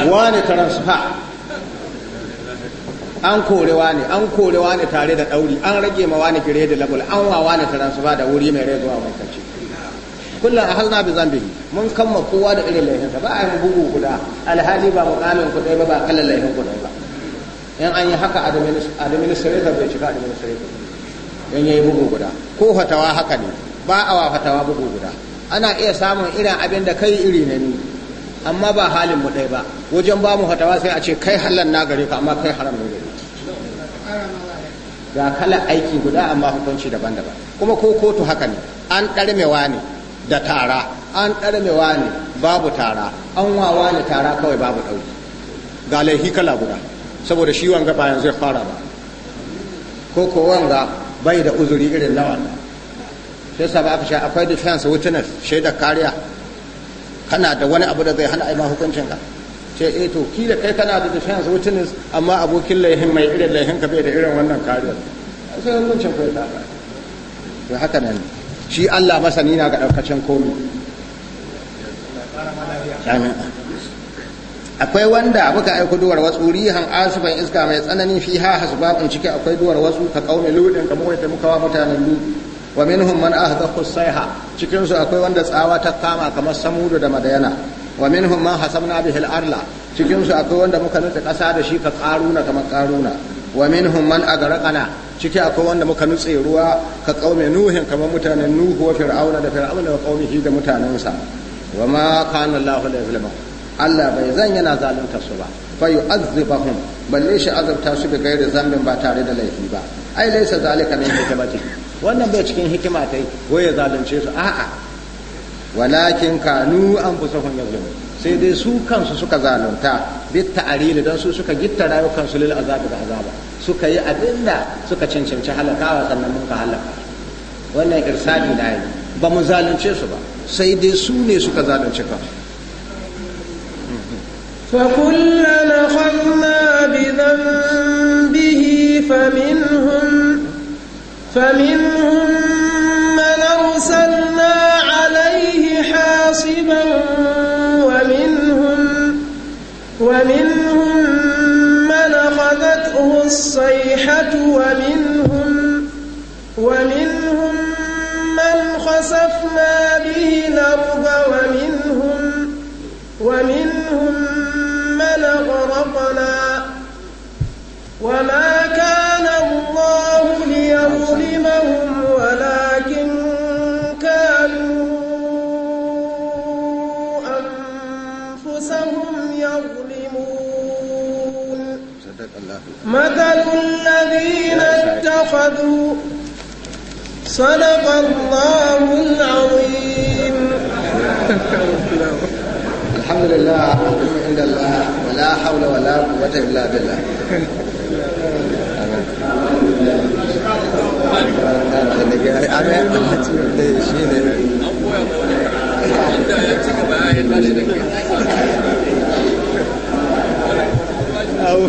wani transfer an kore wani an kore wani tare da dauri an rage ma wani grade level an wa wani transfer da wuri mai zuwa mai kaci kullum a halna bi zambi mun kama kowa da irin laifinsa ba a yi bugu guda alhali ba mukamin kudai ba ba kallon laifin kudai ba in an yi haka administrator bai cika administrator in yayi bugu guda ko fatawa haka ne ba a wa fatawa bugu guda ana iya samun irin abin da kai iri na ni amma ba halin mu ɗai ba wajen ba mu fatawa sai a ce kai hallan na gare ka amma kai haram ne gare ga kala aiki guda amma hukunci daban-daban kuma ko kotu haka ne an ɗarmewa ne da tara an ɗarmewa ne babu tara an wawa ne tara kawai babu ɗauki ga laihi kala guda saboda shi wanga bayan yanzu ya fara ba ko ko wanga bai da uzuri irin nawa sai sa ba aka sha akwai defense witness shaidar kariya kana da wani abu da zai hana aima hukuncin ka ce eh to ki da kai kana da defense witness amma abokin laihin mai irin laihin ka bai da irin wannan kariyar sai hukuncin ka ya ta to haka ne shi Allah masani na ga ɗaukacin komi akwai wanda muka aiko duwar wasu rihan asufan iska mai tsananin fi ha hasbabun ciki akwai duwar wasu ka kaumi ludin kamar wanda muka wa mutanen ludin wa minhum man ahdaqu sayha cikin su akwai wanda tsawa ta kama kamar samudu da madayana wa minhum man hasabna bihil arla cikin su akwai wanda muka nutsa kasa da shi ka karuna kamar karuna wa minhum man agarqana ciki akwai wanda muka nutse ruwa ka kaume nuhin kamar mutanen nuhu wa fir'auna da fir'auna wa qaumihi da mutanensa wa ma kana Allahu la yuzlimu Allah bai zan yana zalunta su ba fa yu'azzibahum balle shi azabta su da gairi zambin ba tare da laifi ba ai laisa zalika min hikmati wannan bai cikin hikima tai ko ya zalunce su a'a walakin kanu anfusahum yuzlimun sai dai su kansu suka zalunta bit ta'arili dan su suka gitta rayukansu lil azabi da azaba suka yi abinda suka cancanci halakawa sannan mun ka halaka wannan irsali na yi ba mu zalunce su ba sai dai su ne suka zalunce kansu فكلا أخذنا بذنبه فمنهم فمنهم من أرسلنا عليه حاصبا ومنهم ومنهم فأخذته الصيحة ومنهم ومنهم من خسفنا به الأرض ومنهم ومنهم من أغرقنا وما كان الله ليظلمهم ولا مثل الذين اتخذوا صدق الله العظيم الحمد لله عند الله ولا حول ولا قوة إلا بالله أو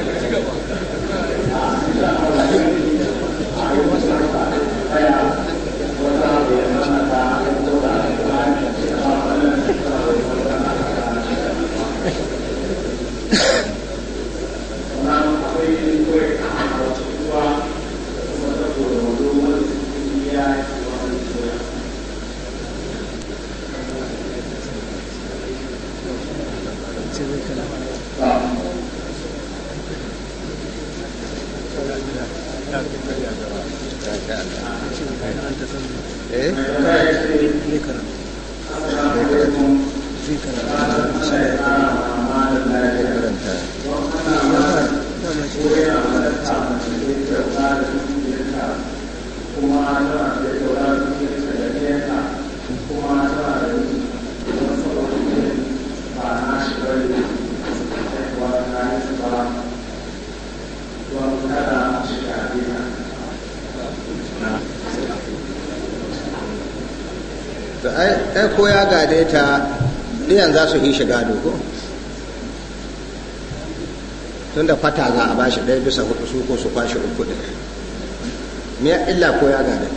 ta diyan za su yi shiga doko tun da fata za a bashi ɗaya bisa hudu su ko su kwashe uku da me illa ko ya gada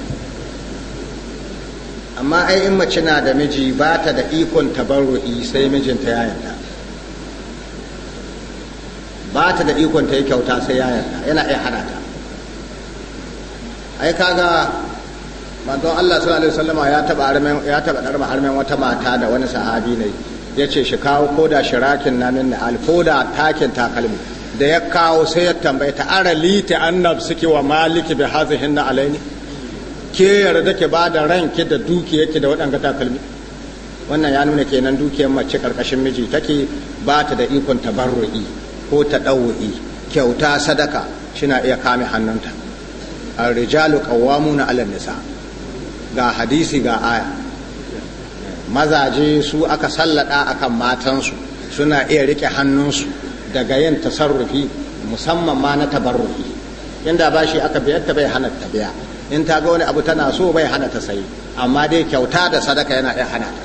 amma ai in mace na da miji ba ta da ikon tabarru'i sai mijinta ya yarda ba ta da ikon ta yi kyauta sai ya yarda yana iya hana ta ai kaga manzon Allah sallallahu alaihi wasallama ya taba armen ya taba darba armen wata mata da wani sahabi ne yace shi kawo koda shirakin namin na alfoda takin takalmi da ya kawo sai ya tambaye ta arali ta annab suke wa maliki bi hazihin na alaini ke yarda ke ba da ranki da dukiyarki da waɗanga takalmi wannan ya nuna kenan dukiyar mace karkashin miji take ba ta da ikon tabarru'i ko ta ɗawo'i kyauta sadaka shina iya kame hannunta ƙawwamu qawwamuna 'alan nisa. ga hadisi ga aya mazaje su aka sallada akan matansu suna iya rike hannunsu daga yin tasarrufi musamman ma na tabarrufi inda ba shi aka biyar ta bai hana ta biya in ta ga wani abu tana so bai hana ta sayi amma dai kyauta da sadaka yana iya hana ta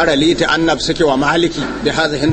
aralita annab suke wa maliki da hazihin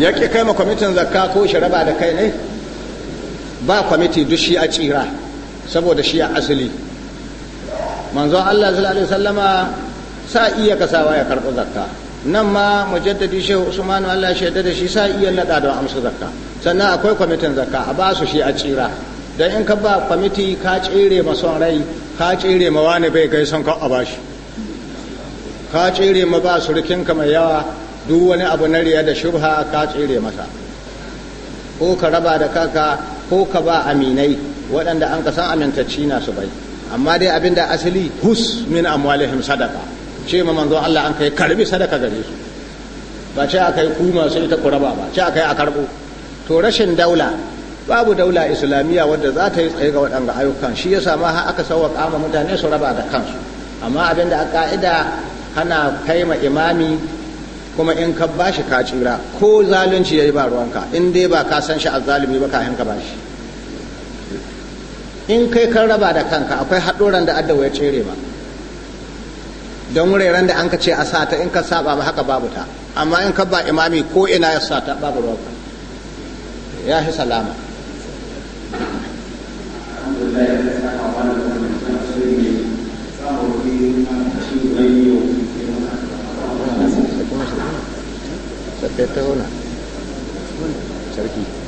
ya ƙi kai ma kwamitin zakka ko shi da kai ne ba kwamiti duk shi a tsira saboda shi a asali manzon Allah sallallahu alaihi wasallama sa iya kasawa ya karɓi zakka nan ma mujaddadi shehu usmanu Allah shaida da shi sa iya nada da amsa zakka sannan akwai kwamitin zakka a ba su shi a tsira dan in ka ba kwamiti ka tsere ma son rai ka tsere ma wani bai kai son ka a bashi ka tsere ma ba surukin ka mai yawa duk wani abu na riya da shubha ka tsere masa ko ka raba da kaka ko ka ba aminai waɗanda an ka san amintacci na su bai amma dai abin da asali hus min amwalihim sadaka ce ma manzo Allah an kai karbi sadaka gare su ba ce aka yi kuma sai ta kuraba ba ce aka yi a karbo to rashin daula babu daula islamiyya wadda za ta yi tsaye ga waɗanda ayyukan shi ya samu har aka sauwa kama mutane su raba da kansu amma abin da a ka'ida kana kai ma imami kuma in ka bashi ka tsira ko zalunci ya yi ba ruwanka in dai ba ka san shi a azzalumi ba kayan ka bashi in kai kan raba da kanka akwai haɗoran da adawa ya tsere ba don wuraren da an ka ce a sata in ka saba ba haka babu ta amma in ka ba imami ko ina ya sata babu ruwanka ya shi salama sai ta zauna sarki